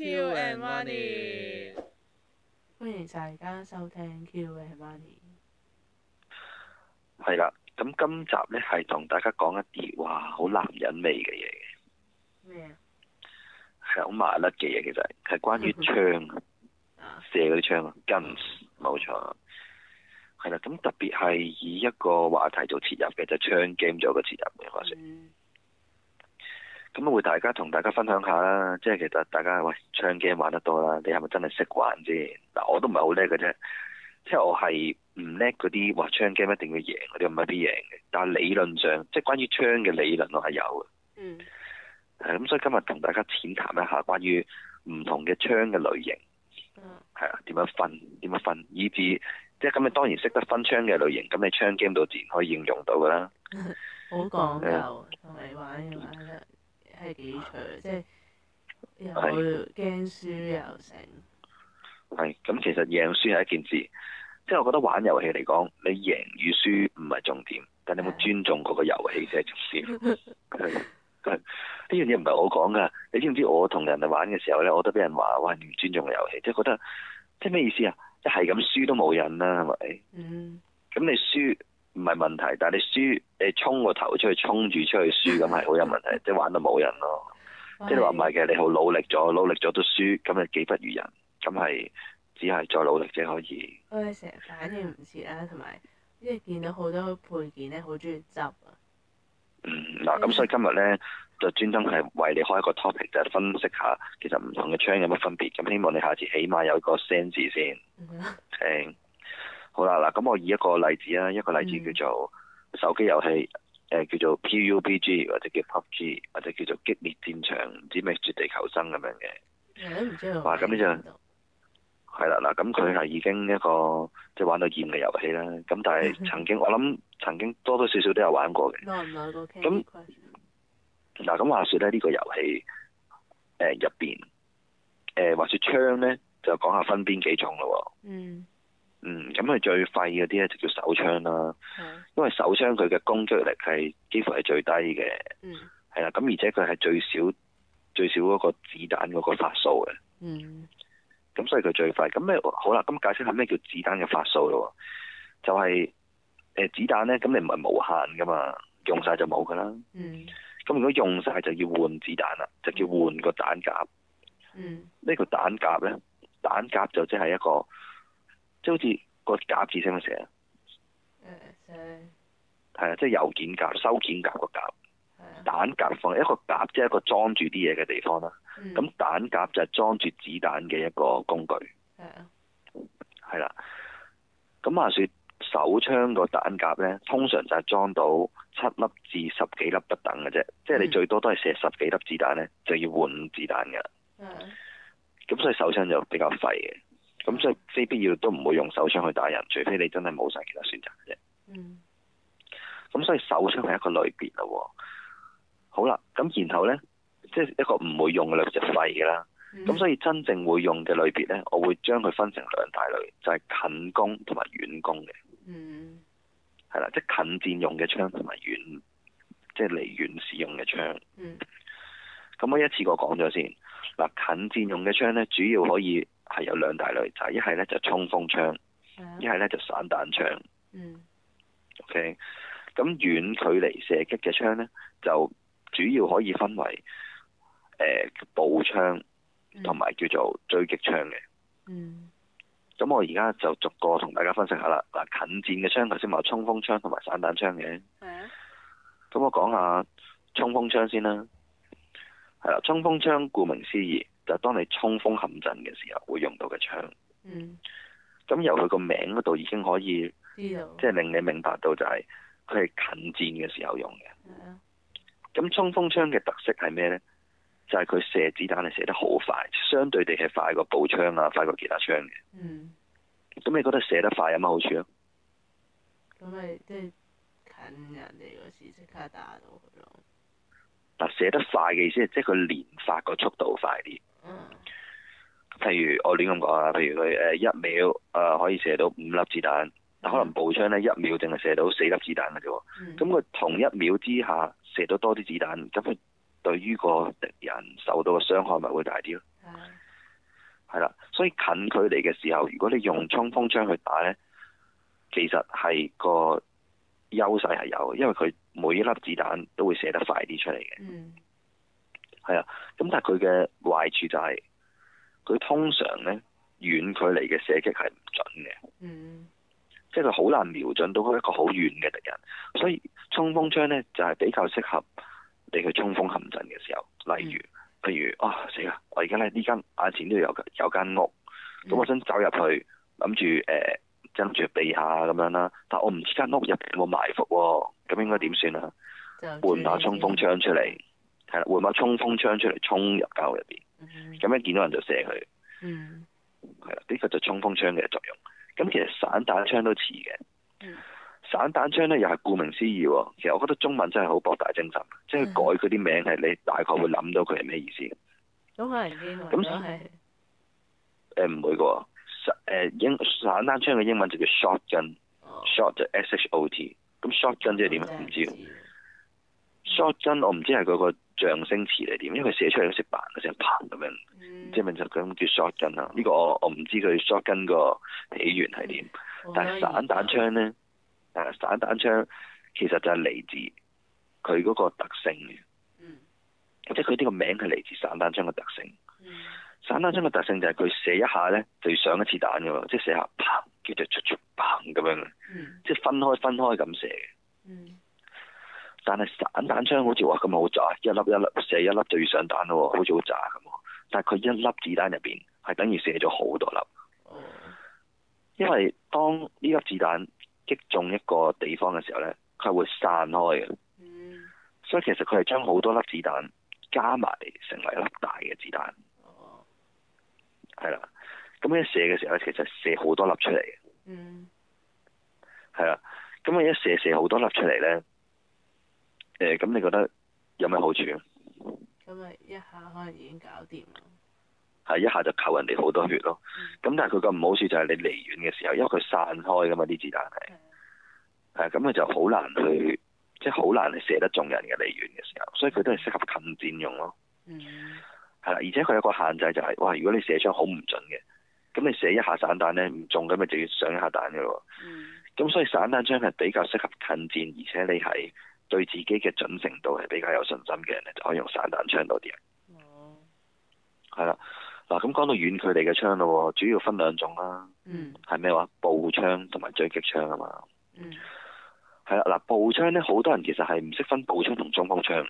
Q and Money，歡迎大家收聽 Q and Money。係啦，咁今集咧係同大家講一啲哇好男人味嘅嘢。咩啊麼？係好麻甩嘅嘢，其實係關於槍啊， 射嗰啲槍啊 guns，冇錯。係啦，咁特別係以一個話題做切入嘅，就係、槍 game 做個切入嘅，我覺得咁會大家同大家分享下啦，即係其實大家喂槍 game 玩得多啦，你係咪真係識玩先？嗱，我都唔係好叻嘅啫，即係我係唔叻嗰啲話槍 game 一定要贏嗰啲唔一定贏嘅。但係理論上，即係關於槍嘅理論我係有嘅。嗯，係咁，所以今日同大家淺談一下關於唔同嘅槍嘅類型。係啊、嗯，點樣分？點樣分？以至即係咁，你當然識得分槍嘅類型，咁你槍 game 度自然可以應用到㗎啦。 好講究，同你、嗯、玩係幾長，即係又驚輸又成。係咁，其實贏輸係一件事，即係我覺得玩遊戲嚟講，你贏與輸唔係重點，但你有冇尊重嗰個遊戲先係重點？呢樣嘢唔係我講噶，你知唔知我同人哋玩嘅時候咧，我都俾人話，哇，唔尊重遊戲，即係覺得即係咩意思啊？即係咁輸都冇癮啦，係咪？嗯，你輸。咁你輸？唔係問題，但係你輸，你衝個頭出去，衝住出去輸，咁係好有問題， 即係玩到冇人咯。即係話唔係嘅，你好努力咗，努力咗都輸，咁又幾不如人，咁係只係再努力先可以。我成日反應唔切啦，同埋因為見到好多配件咧好鍾意執啊。嗯，嗱，咁所以今日咧就專登係為你開一個 topic，就係、是、分析下其實唔同嘅槍有乜分別。咁希望你下次起碼有一個 sense 先，嗯、哼聽。好啦，嗱咁我以一個例子啊，一個例子叫做手機遊戲，誒、嗯呃、叫做 PUBG 或者叫 PUBG 或者叫做激烈戰場，唔知咩絕地求生咁樣嘅。唔、嗯、知道啊。嗱咁呢就係、嗯、啦，嗱咁佢係已經一個即係、就是、玩到厭嘅遊戲啦。咁但係曾經 我諗曾經多多少少都有玩過嘅。咁嗱咁話説咧，呢、這個遊戲誒入邊誒話説槍咧，就講下分邊幾種咯。嗯。嗯，咁佢最廢嗰啲咧就叫手槍啦，因為手槍佢嘅攻擊力係幾乎係最低嘅，係啦、嗯，咁而且佢係最少最少嗰個子彈嗰個發數嘅，咁、嗯、所以佢最廢咁咩好啦？咁解釋下咩叫子彈嘅發數咯？就係、是、誒子彈咧，咁你唔係無限噶嘛，用晒就冇噶啦。咁、嗯、如果用晒就要換子彈啦，就叫換個彈夾。嗯、咩叫彈夾，呢個彈夾咧，彈夾就即係一個。即係好似個匣子先，咪成啊？誒成。係啊，即係郵件匣、收件匣個匣。係啊的。彈匣放一個匣，即係一個裝住啲嘢嘅地方啦。咁彈匣就係裝住子彈嘅一個工具。係啊的。係啦的。咁話説手槍個彈匣咧，通常就係裝到七粒至十幾粒不等嘅啫。即係、嗯、你最多都係射十幾粒子彈咧，就要換子彈㗎。的嗯。咁所以手槍就比較廢嘅。咁所以非必要都唔會用手槍去打人，除非你真係冇晒其他選擇啫。嗯。咁所以手槍係一個類別咯。好啦，咁然後咧，即係一個唔會用嘅類別就廢嘅啦。咁所以真正會用嘅類別咧，我會將佢分成兩大類，就係近攻同埋遠攻嘅。嗯。係啦，即係近戰用嘅槍同埋遠，即係離遠使用嘅槍。咁我一次過講咗先。嗱，近戰用嘅槍咧，主要可以，係有兩大類，就係一係咧就衝鋒槍，一係咧就散彈槍。嗯、mm.，OK，咁遠距離射擊嘅槍咧就主要可以分為誒步、呃、槍同埋、mm. 叫做追擊槍嘅。嗯，咁我而家就逐個同大家分析下啦。嗱，近戰嘅槍頭先，話衝鋒槍同埋散彈槍嘅。啊，咁我講下衝鋒槍先啦。係啦，衝鋒槍顧名思義。就當你衝鋒陷陣嘅時候會用到嘅槍，嗯，咁由佢個名嗰度已經可以，知道，即係令你明白到就係佢係近戰嘅時候用嘅。咁，啊，衝鋒槍嘅特色係咩咧？就係，是，佢射子彈係射得好快，相對地係快過步槍啊，快過其他槍嘅。嗯，咁你覺得射得快有乜好處啊？咁咪即係近人哋嗰時即刻打到佢咯。嗱，啊，射得快嘅意思係即係佢連發個速度快啲。嗯，譬如我亂咁講啊，譬如佢誒一秒誒可以射到五粒子彈，嗯、可能步槍咧一秒淨係射到四粒子彈嘅啫。咁佢、嗯、同一秒之下射到多啲子彈，咁佢對於個敵人受到嘅傷害咪會大啲咯。係、嗯，啦，所以近距離嘅時候，如果你用衝鋒槍去打咧，其實係個優勢係有嘅，因為佢每一粒子彈都會射得快啲出嚟嘅。嗯係啊，咁但係佢嘅壞處就係，佢通常咧遠距離嘅射擊係唔準嘅，嗯，即係佢好難瞄準到一個好遠嘅敵人，所以衝鋒槍咧就係比較適合你去衝鋒陷陣嘅時候，例如譬如啊死啦，我而家咧呢間眼前都有有間屋，咁我想走入去，諗住誒住避下咁樣啦，但係我唔知間屋入邊有冇埋伏，咁應該點算啊？換把衝鋒槍出嚟。係啦，換把衝鋒槍出嚟，衝入郊入邊，咁、mm hmm. 樣見到人就射佢。嗯、mm，係、hmm. 啦，槍呢個就衝鋒槍嘅作用。咁其實散彈槍都似嘅。嗯、mm，hmm. 散彈槍咧又係顧名思義。其實我覺得中文真係好博大精深，mm hmm. 即係改佢啲名係你大概會諗到佢係咩意思。都係、mm，咁、hmm. 係那。誒唔、嗯、會嘅、啊，散誒英散彈槍嘅英文就叫 shotgun，shot、oh. 就, sh ot, sh 就 s h o t，咁 shotgun 即係點唔知、mm hmm. shotgun 我唔知係佢、那個。象聲詞嚟點？因為佢寫出嚟都成砰，成砰咁樣，嗯、即係咪就咁叫 shotgun 啦。呢、呢個我我唔知佢 shotgun 個起源係點，嗯、但係散彈槍咧，啊、嗯，但散彈槍其實就係嚟自佢嗰個特性嘅，嗯、即係佢呢個名係嚟自散彈槍嘅特性。嗯、散彈槍嘅特性就係佢射一下咧就要上一次彈嘅喎，即係射下砰，叫做出出砰咁樣即係、嗯、分開分開咁射嘅。嗯。但係散彈槍好似話咁好炸，一粒一粒射一粒就要上彈咯，好似好炸咁。但係佢一粒子彈入邊係等於射咗好多粒，因為當呢粒子彈擊中一個地方嘅時候咧，佢係會散開嘅。所以其實佢係將好多粒子彈加埋成為一粒大嘅子彈。係啦，咁一射嘅時候，其實射好多粒出嚟。係啦，咁一射射好多粒出嚟咧。誒、咁、嗯、你覺得有咩好處？咁咪一下可能已經搞掂咯。係一下就扣人哋好多血咯。咁、嗯、但係佢個唔好處就係你離遠嘅時候，因為佢散開噶嘛啲子彈係，係咁咪就好難去，即係好難去射得中人嘅，離遠嘅時候。所以佢都係適合近戰用咯。係啦、嗯，而且佢有個限制就係、是、哇，如果你射槍好唔準嘅，咁你射一下散彈咧唔中，咁咪就要上一下彈嘅咯。咁、嗯、所以散彈槍係比較適合近戰，而且你係。對自己嘅準程度係比較有信心嘅人咧，就可以用散彈槍多啲哦，係啦、oh.，嗱咁講到遠距離嘅槍咯，主要分兩種啦。嗯、mm.。係咩話步槍同埋狙擊槍啊嘛。嗯、mm.。係啦，嗱步槍咧，好多人其實係唔識分步槍同衝鋒槍，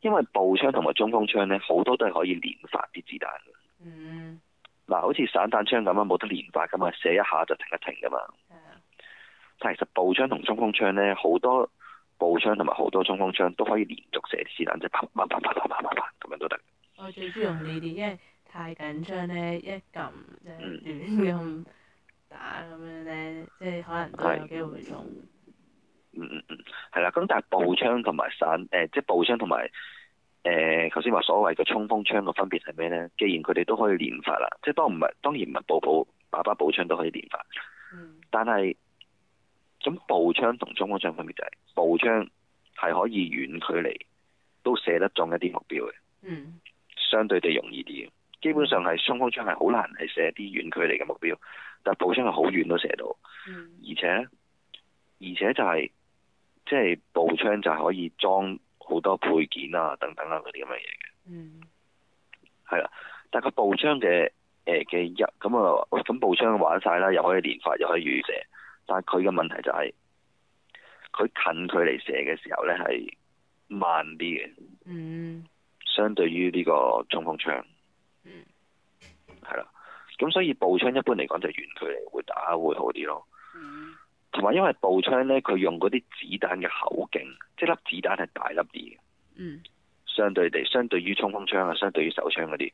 因為步槍同埋衝鋒槍咧好多都係可以連發啲子彈嘅。嗯。嗱，好似散彈槍咁樣，冇得連發㗎嘛，射一下就停一停㗎嘛。係啊。但係，其實步槍同衝鋒槍咧好多。步槍同埋好多衝鋒槍都可以連續射啲子彈，即係啪啪啪啪啪啪啪咁樣都得。我最鍾意用呢啲，因為太緊張咧，一撳即唔亂咁打咁樣咧，即係可能都有機會用。嗯嗯嗯，係啦。咁但係步槍同埋散誒、呃，即係步槍同埋誒，頭先話所謂嘅衝鋒槍嘅分別係咩咧？既然佢哋都可以連發啦，即係當唔係當然唔係步步把把步槍都可以連發。嗯。但係。咁步槍同中空槍分別就係步槍係可以遠距離都射得中一啲目標嘅，嗯，相對地容易啲。基本上係中空槍係好難係射啲遠距離嘅目標，但步槍係好遠都射到，嗯，而且而且就係即係步槍就係可以裝好多配件啊、等等啦嗰啲咁嘅嘢嘅，嗯，係啦。但個步槍嘅嘅一咁啊，咁、呃、步槍玩晒啦，又可以連發，又可以預射。但係佢嘅問題就係、是、佢近距離射嘅時候咧，係慢啲嘅。嗯，mm. 相對於呢個衝鋒槍。嗯、mm.，係啦。咁所以步槍一般嚟講就是遠距離會打會好啲咯。嗯，同埋因為步槍咧，佢用嗰啲子彈嘅口徑，即係粒子彈係大粒啲嘅。嗯，mm. 相對地，相對於衝鋒槍啊，相對於手槍嗰啲，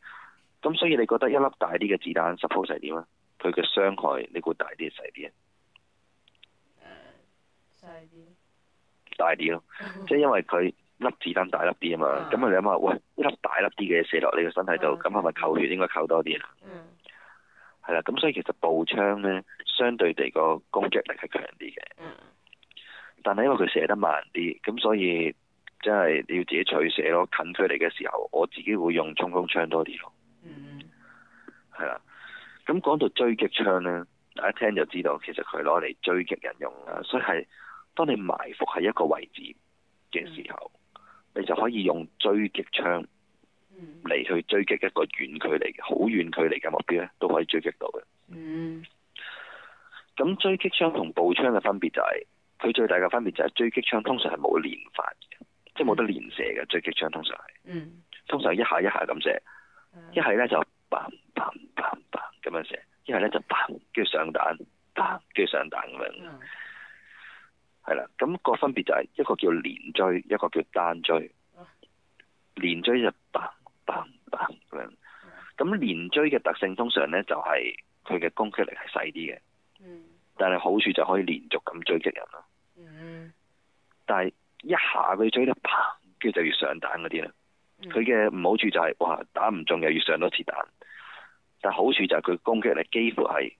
咁所以你覺得一粒大啲嘅子彈是的，suppose 細點啊？佢嘅傷害你會大啲定細啲啊？大啲咯，即係因為佢粒子彈大粒啲啊嘛，咁啊你諗下，喂，一粒大粒啲嘅射落你個身體度，咁係咪扣血應該扣多啲啊？嗯，係啦，咁所以其實步槍咧，相對地個攻擊力係強啲嘅，嗯、但係因為佢射得慢啲，咁所以真係、即係、你要自己取捨咯。近距離嘅時候，我自己會用衝鋒槍多啲咯。嗯，係啦，咁講到狙擊槍咧，大家聽就知道其實佢攞嚟狙擊人用啦，所以係。當你埋伏喺一個位置嘅時候，嗯、你就可以用狙擊槍嚟去追擊一個遠距離、好、嗯、遠距離嘅目標咧，都可以追擊到嘅。嗯。咁狙擊槍同步槍嘅分別就係、是，佢最大嘅分別就係狙擊槍通常係冇連發嘅，即係冇得連射嘅，狙擊槍通常係。嗯。通常一下一下咁射，嗯、一係咧就嘭嘭嘭嘭咁樣射，一係咧就嘭跟住上彈，嘭跟住上彈咁樣。嗯。係啦，咁、那個分別就係一個叫連追，一個叫單追。連追就砰砰砰咁樣，咁連追嘅特性通常咧就係佢嘅攻擊力係細啲嘅，但係好處就可以連續咁追擊人啦。但係一下佢追得砰，跟住就要上彈嗰啲啦。佢嘅唔好處就係、是、哇打唔中又要上多次彈，但係好處就係佢攻擊力幾乎係。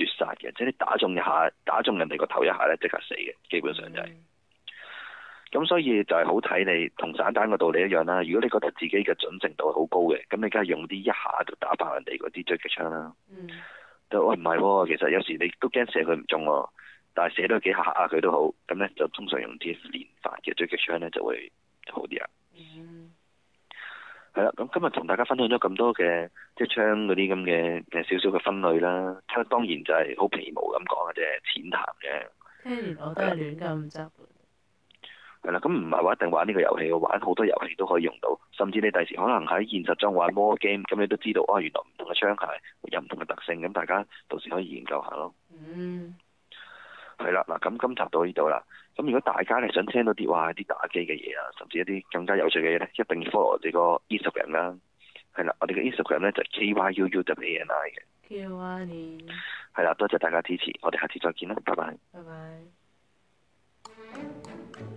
絕殺嘅，即係你打中一下，打中人哋個頭一下咧，即刻死嘅。基本上就係、是、咁，mm. 所以就係好睇你同散彈個道理一樣啦。如果你覺得自己嘅準程度好高嘅，咁你梗係用啲一,一下就打爆人哋嗰啲狙擊槍啦。嗯、mm. 哎，但係唔係，其實有時你都驚射佢唔中咯、啊，但係射多幾下下，佢都好。咁咧就通常用啲連發嘅狙擊槍咧就會好啲啊。嗯。Mm. 係啦，咁今日同大家分享咗咁多嘅即係槍嗰啲咁嘅嘅少少嘅分類啦。咁當然就係好皮毛咁講嘅啫，淺談嘅。聽我都亂咁執。係 啦樂，咁唔係話一定玩呢個遊戲，玩好多遊戲都可以用到。甚至你第時可能喺現實中玩魔 game，咁你都知道，哇、啊！原來唔同嘅槍械有唔同嘅特性。咁大家到時可以研究下咯。嗯。係 啦樂，嗱，咁今集到呢度啦。咁如果大家咧想聽到啲話啲打機嘅嘢啊，甚至一啲更加有趣嘅嘢咧，一定要 follow 我哋個 Instagram、e、啦。係啦，我哋嘅 Instagram 咧就係 KYUUWANI 嘅。QYU。係啦，多謝大家支持，我哋下次再見啦，拜拜。拜拜。嗯。